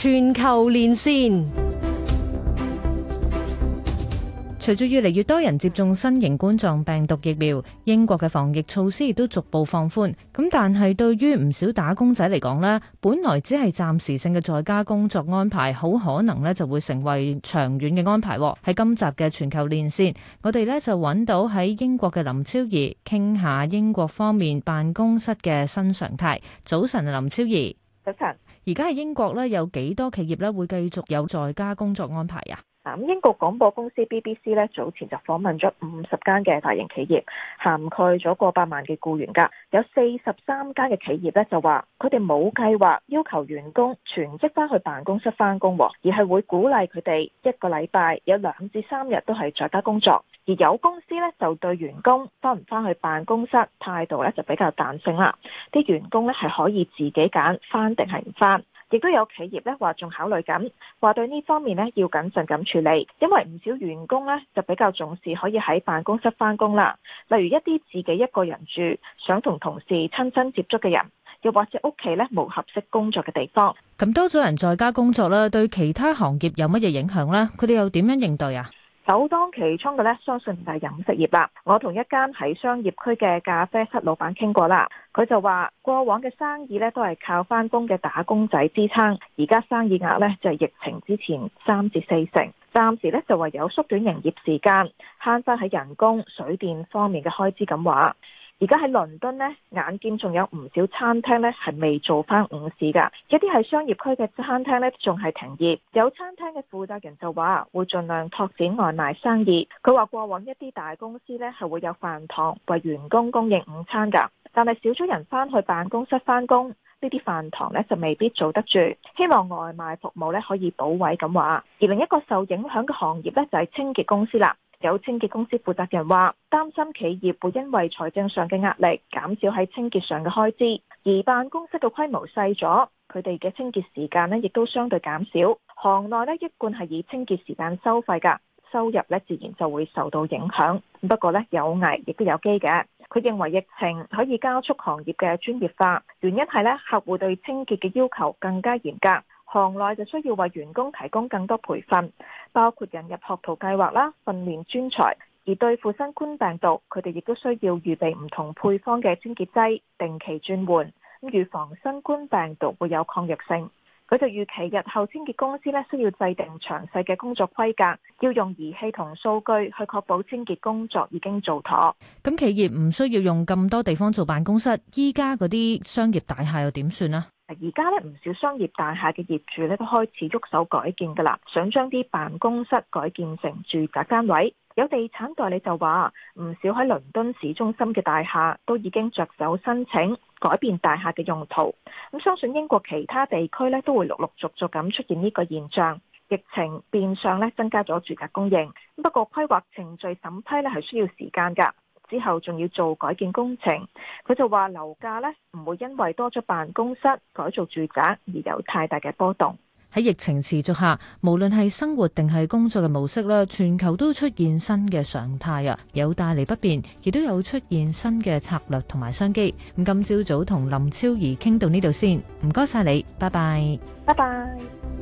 全球連線，隨住越嚟越多人接種新型冠狀病毒疫苗，英國嘅防疫措施亦都逐步放寬。咁但係對於唔少打工仔嚟講呢，本來只係暫時性嘅在家工作安排，好可能呢就會成為長遠嘅安排。喺今集嘅全球連線，我哋呢就揾到喺英國嘅林昭儀傾下英國方面辦公室嘅新常態。早晨，林昭儀。早晨。而家喺英國咧，有幾多企業咧會繼續有在家工作安排呀？咁英國廣播公司 BBC 呢早前就訪問咗五十間嘅大型企業，涵蓋咗過百萬嘅僱員㗎，有四十三間嘅企業呢就話佢哋冇計劃要求員工全職翻去辦公室翻工，而係會鼓勵佢哋一個禮拜有兩至三日都係在家工作。而有公司呢就對員工翻唔翻去辦公室態度呢就比較彈性啦，啲員工呢係可以自己揀翻定係唔翻。亦都有企業咧話仲考慮緊，話對呢方面咧要謹慎咁處理，因為唔少員工咧就比較重視可以喺辦公室翻工啦。例如一啲自己一個人住，想同同事親身接觸嘅人，又或者屋企咧冇合適工作嘅地方。咁多咗人在家工作啦，對其他行業有乜嘢影響咧？佢哋又點樣應對啊？首當其衝嘅咧，相信唔係飲食業啦。我同一間喺商業區嘅咖啡室老闆傾過啦，佢就話過往嘅生意咧都係靠翻工嘅打工仔支撐，而家生意額咧就係疫情之前三至四成，暫時咧就唯有縮短營業時間，慳翻喺人工、水電方面嘅開支咁話。而家喺倫敦呢，眼見仲有唔少餐廳呢係未做返午市㗎，一啲係商業區嘅餐廳呢仲係停業。有餐廳嘅負責人就話，會盡量拓展外賣生意。佢話過往一啲大公司呢係會有飯堂為員工供應午餐㗎，但係少咗人返去辦公室返工，呢啲飯堂呢就未必做得住。希望外賣服務呢可以補位咁話。而另一個受影響嘅行業呢，就係清潔公司啦。有清潔公司負責人話，擔心企業會因為財政上嘅壓力，減少喺清潔上嘅開支，而辦公室嘅規模細咗，佢哋嘅清潔時間呢亦都相對減少。行內呢，一貫係以清潔時間收費㗎，收入呢自然就會受到影響。不過呢，有危亦都有機嘅，佢認為疫情可以加速行業嘅專業化，原因係呢客戶對清潔嘅要求更加嚴格。行內就需要為員工提供更多培訓，包括引入學徒計劃啦、訓練專才，而對付新冠病毒，佢哋亦都需要預備唔同配方嘅清潔劑，定期轉換咁預防新冠病毒會有抗藥性。佢就預期日後清潔公司呢需要制定詳細嘅工作規格，要用儀器同數據去確保清潔工作已經做妥。咁企業唔需要用咁多地方做辦公室，依家嗰啲商業大廈又點算啊？而家咧唔少商業大廈嘅業主咧都開始喐手改建㗎啦，想將啲辦公室改建成住宅單位。有地產代理就話，唔少喺倫敦市中心嘅大廈都已經着手申請改變大廈嘅用途。咁相信英國其他地區咧都會陸陸續續咁出現呢個現象。疫情變相咧增加咗住宅供應，不過規劃程序審批咧係需要時間㗎。之後仲要做改建工程，佢就話樓價咧唔會因為多咗辦公室改造住宅而有太大嘅波動。喺疫情持續下，無論係生活定係工作嘅模式啦，全球都出現新嘅常態啊，有帶嚟不便，亦都有出現新嘅策略同埋商機。咁今朝早同林昭儀傾到呢度先，唔該晒你，拜拜，拜拜。